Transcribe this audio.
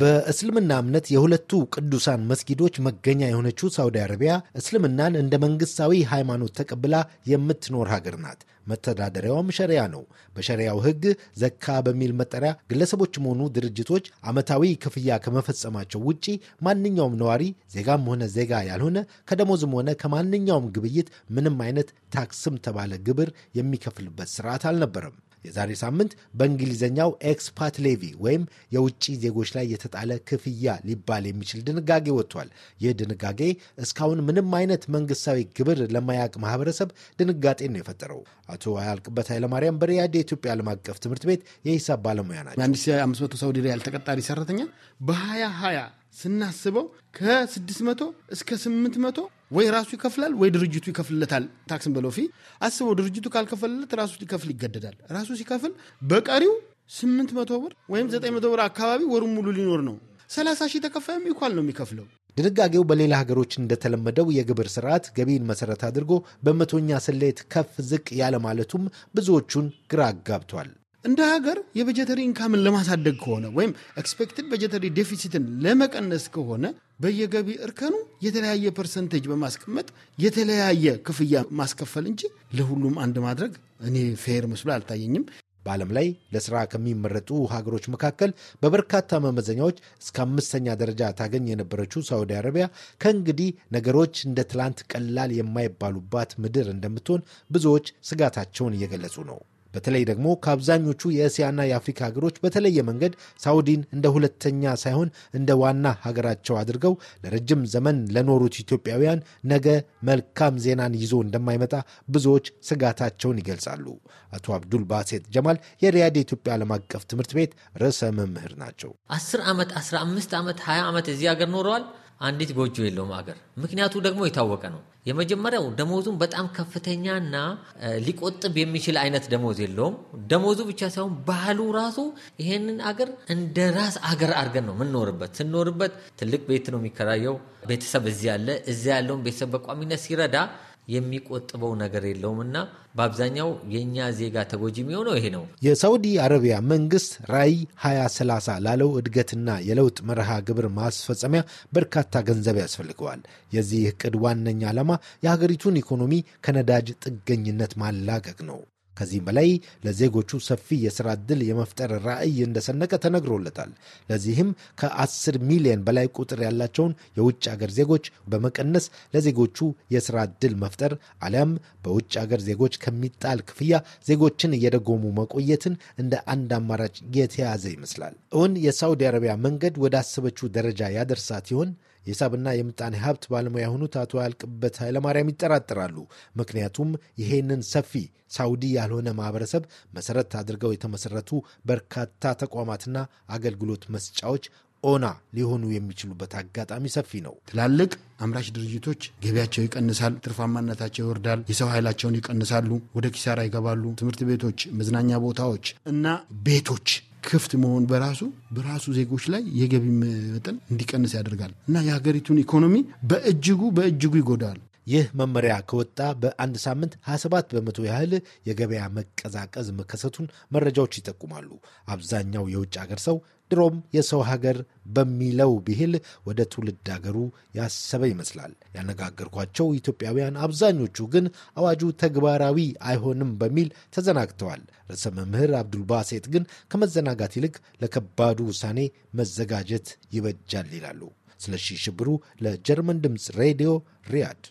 በእስልምና እምነት የሁለቱ ቅዱሳን መስጊዶች መገኛ የሆነችው ሳውዲ አረቢያ እስልምናን እንደ መንግስታዊ ሃይማኖት ተቀብላ የምትኖር ሀገር ናት። መተዳደሪያውም ሸሪያ ነው። በሸሪያው ሕግ ዘካ በሚል መጠሪያ ግለሰቦችም ሆኑ ድርጅቶች ዓመታዊ ክፍያ ከመፈጸማቸው ውጪ ማንኛውም ነዋሪ ዜጋም ሆነ ዜጋ ያልሆነ ከደሞዝም ሆነ ከማንኛውም ግብይት ምንም አይነት ታክስም ተባለ ግብር የሚከፍልበት ስርዓት አልነበረም። የዛሬ ሳምንት በእንግሊዝኛው ኤክስፓት ሌቪ ወይም የውጭ ዜጎች ላይ የተጣለ ክፍያ ሊባል የሚችል ድንጋጌ ወጥቷል። ይህ ድንጋጌ እስካሁን ምንም አይነት መንግስታዊ ግብር ለማያውቅ ማህበረሰብ ድንጋጤ ነው የፈጠረው። አቶ አያልቅበት ኃይለማርያም በሪያድ የኢትዮጵያ ዓለም አቀፍ ትምህርት ቤት የሂሳብ ባለሙያ ናቸው አምስት መቶ ሳውዲ ሪያል ተቀጣሪ ሰራተኛ በሀያ ሀያ ስናስበው ከ600 እስከ 800 ወይ ራሱ ይከፍላል ወይ ድርጅቱ ይከፍልለታል። ታክስ በለው ፊ አስበው ድርጅቱ ካልከፈልለት ራሱ ሊከፍል ይገደዳል። ራሱ ሲከፍል በቀሪው 8 መቶ ብር ወይም 9 መቶ ብር አካባቢ ወሩን ሙሉ ሊኖር ነው። 30 ሺህ ተከፋይም ይኳል ነው የሚከፍለው። ድንጋጌው በሌላ ሀገሮች እንደተለመደው የግብር ስርዓት ገቢን መሰረት አድርጎ በመቶኛ ስሌት ከፍ ዝቅ ያለ ማለቱም ብዙዎቹን ግራ አጋብቷል። እንደ ሀገር የበጀተሪ ኢንካምን ለማሳደግ ከሆነ ወይም ኤክስፔክትድ በጀተሪ ዴፊሲትን ለመቀነስ ከሆነ በየገቢ እርከኑ የተለያየ ፐርሰንቴጅ በማስቀመጥ የተለያየ ክፍያ ማስከፈል እንጂ ለሁሉም አንድ ማድረግ እኔ ፌር መስሎ አልታየኝም። በዓለም ላይ ለስራ ከሚመረጡ ሀገሮች መካከል በበርካታ መመዘኛዎች እስከ አምስተኛ ደረጃ ታገኝ የነበረችው ሳዑዲ አረቢያ ከእንግዲህ ነገሮች እንደ ትላንት ቀላል የማይባሉባት ምድር እንደምትሆን ብዙዎች ስጋታቸውን እየገለጹ ነው። በተለይ ደግሞ ከአብዛኞቹ የእስያና የአፍሪካ ሀገሮች በተለየ መንገድ ሳውዲን እንደ ሁለተኛ ሳይሆን እንደ ዋና ሀገራቸው አድርገው ለረጅም ዘመን ለኖሩት ኢትዮጵያውያን ነገ መልካም ዜናን ይዞ እንደማይመጣ ብዙዎች ስጋታቸውን ይገልጻሉ። አቶ አብዱል ባሴት ጀማል የሪያድ የኢትዮጵያ ዓለም አቀፍ ትምህርት ቤት ርዕሰ መምህር ናቸው። 10 ዓመት 15 ዓመት 20 ዓመት እዚህ ሀገር ኖረዋል። አንዲት ጎጆ የለውም አገር። ምክንያቱ ደግሞ የታወቀ ነው። የመጀመሪያው ደሞዙም በጣም ከፍተኛና ሊቆጥብ የሚችል አይነት ደሞዝ የለውም። ደሞዙ ብቻ ሳይሆን ባህሉ ራሱ ይሄንን አገር እንደ ራስ አገር አድርገን ነው የምንኖርበት። ስንኖርበት ትልቅ ቤት ነው የሚከራየው። ቤተሰብ እዚህ አለ፣ እዚያ ያለውን ቤተሰብ በቋሚነት ሲረዳ የሚቆጥበው ነገር የለውም እና በአብዛኛው የእኛ ዜጋ ተጎጂ የሚሆነው ይሄ ነው። የሳውዲ አረቢያ መንግስት ራዕይ 2030 ላለው እድገትና የለውጥ መርሃ ግብር ማስፈጸሚያ በርካታ ገንዘብ ያስፈልገዋል። የዚህ እቅድ ዋነኛ ዓላማ የሀገሪቱን ኢኮኖሚ ከነዳጅ ጥገኝነት ማላቀቅ ነው። ከዚህም በላይ ለዜጎቹ ሰፊ የስራ ዕድል የመፍጠር ራዕይ እንደሰነቀ ተነግሮለታል። ለዚህም ከ10 ሚሊዮን በላይ ቁጥር ያላቸውን የውጭ አገር ዜጎች በመቀነስ ለዜጎቹ የስራ ዕድል መፍጠር አሊያም በውጭ አገር ዜጎች ከሚጣል ክፍያ ዜጎችን እየደጎሙ መቆየትን እንደ አንድ አማራጭ የተያዘ ይመስላል። እውን የሳውዲ አረቢያ መንገድ ወደ አሰበችው ደረጃ ያደርሳት ይሆን? የሂሳብና የምጣኔ ሀብት ባለሙያ የሆኑት አቶ ያልቅበት ኃይለማርያም ይጠራጠራሉ። ምክንያቱም ይሄንን ሰፊ ሳውዲ ያልሆነ ማህበረሰብ መሰረት አድርገው የተመሰረቱ በርካታ ተቋማትና አገልግሎት መስጫዎች ኦና ሊሆኑ የሚችሉበት አጋጣሚ ሰፊ ነው። ትላልቅ አምራች ድርጅቶች ገቢያቸው ይቀንሳል፣ ትርፋማነታቸው ይወርዳል፣ የሰው ኃይላቸውን ይቀንሳሉ፣ ወደ ኪሳራ ይገባሉ። ትምህርት ቤቶች፣ መዝናኛ ቦታዎች እና ቤቶች ክፍት መሆን በራሱ በራሱ ዜጎች ላይ የገቢ መጠን እንዲቀንስ ያደርጋል እና የሀገሪቱን ኢኮኖሚ በእጅጉ በእጅጉ ይጎዳል። ይህ መመሪያ ከወጣ በአንድ ሳምንት 27 በመቶ ያህል የገበያ መቀዛቀዝ መከሰቱን መረጃዎች ይጠቁማሉ። አብዛኛው የውጭ ሀገር ሰው ድሮም የሰው ሀገር በሚለው ብሂል ወደ ትውልድ ሀገሩ ያሰበ ይመስላል። ያነጋገርኳቸው ኢትዮጵያውያን አብዛኞቹ ግን አዋጁ ተግባራዊ አይሆንም በሚል ተዘናግተዋል። ርዕሰ መምህር አብዱልባሴት ግን ከመዘናጋት ይልቅ ለከባዱ ውሳኔ መዘጋጀት ይበጃል ይላሉ። ስለሺ ሽብሩ ለጀርመን ድምፅ ሬዲዮ ሪያድ